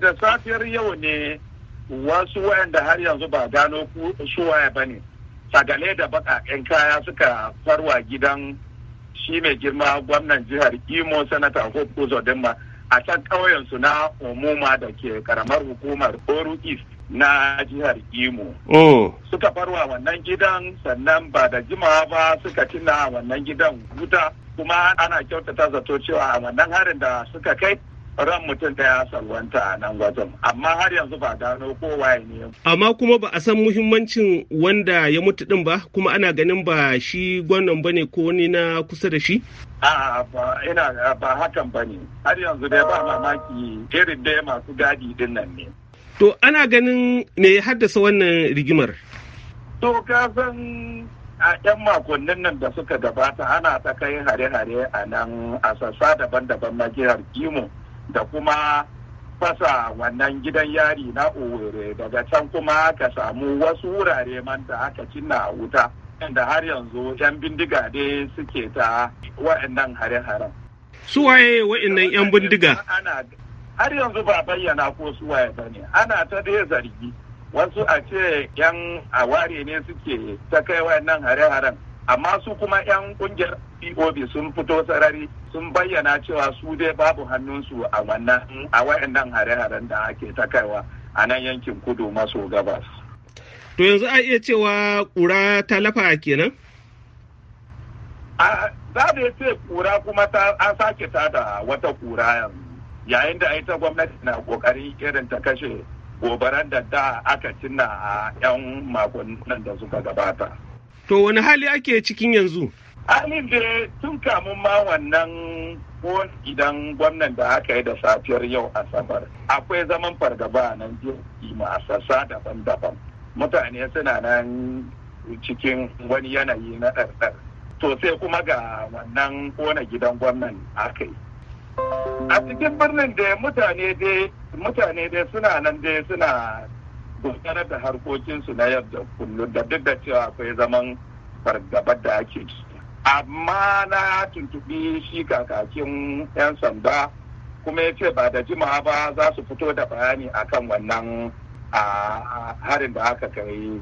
da safiyar yau ne wasu wayanda har yanzu ba gano su waya ba ne sagale da baƙaƙen kaya suka farwa gidan shi mai girma gwamnan jihar imo sanata hope uzodinma a can ƙauyensu na umuma da ke karamar hukumar oru east na jihar imo oh. suka farwa wannan gidan sannan ba da jimawa ba suka cina wannan gidan wuta kuma ana kyautata zato cewa a wannan harin da suka kai ran mutum ta ya salwanta a nan gwajin amma har yanzu ba gano kowa ne. Amma kuma ba a san muhimmancin wanda ya mutu din ba kuma ana ganin ba shi gwanon ba ne ko wani na kusa da shi? A'a ba ina ba hakan ba ne har yanzu dai ba mamaki irin dai masu gadi din nan ne. To ana ganin me ya haddasa wannan rigimar? To ka san a 'yan makonnin nan da suka gabata ana ta kai hare-hare a nan a sassa daban-daban na jihar da kuma fasa wannan gidan yari na owerri daga can kuma ka samu wasu wurare man da aka cinna wuta inda har yanzu 'yan bindiga ne suke ta wa'annan hare-haren su waye wa'annan 'yan bindiga har yanzu ba bayyana ko su waye ba ne ana ta dai zargi wasu a ce 'yan aware ne suke ta kai wa'annan hare-haren amma su kuma 'yan kungiyar pob sun fito sarari sun bayyana cewa su dai babu hannunsu a wannan a wayannan hare-haren da ake ta kaiwa a nan yankin kudu maso gabas to yanzu a iya cewa kura ta lafa kenan a za da ce kura kuma an sake tada wata kura yanzu yayin da ita gwamnati na kokarin irin ta kashe gobaran da da aka cinna a 'yan makonnin da suka gabata To wani hali ake cikin yanzu? Halin da tun kamun ma wannan ko idan gwamnan da aka yi da safiyar yau asabar akwai zaman fargaba a nan jirgi masasa daban-daban mutane suna nan cikin wani yanayi na ɗarɗar to sai kuma ga wannan kona gidan gwamnan aka yi a cikin birnin da mutane dai suna nan dai suna dogara da harkokinsu na yau da kullum da duk da cewa akwai zaman fargaba da ake ciki amma na tuntubi shi kakakin 'yan sanda kuma ya ce ba da jimawa ba za su fito da bayani akan wannan a harin da aka kai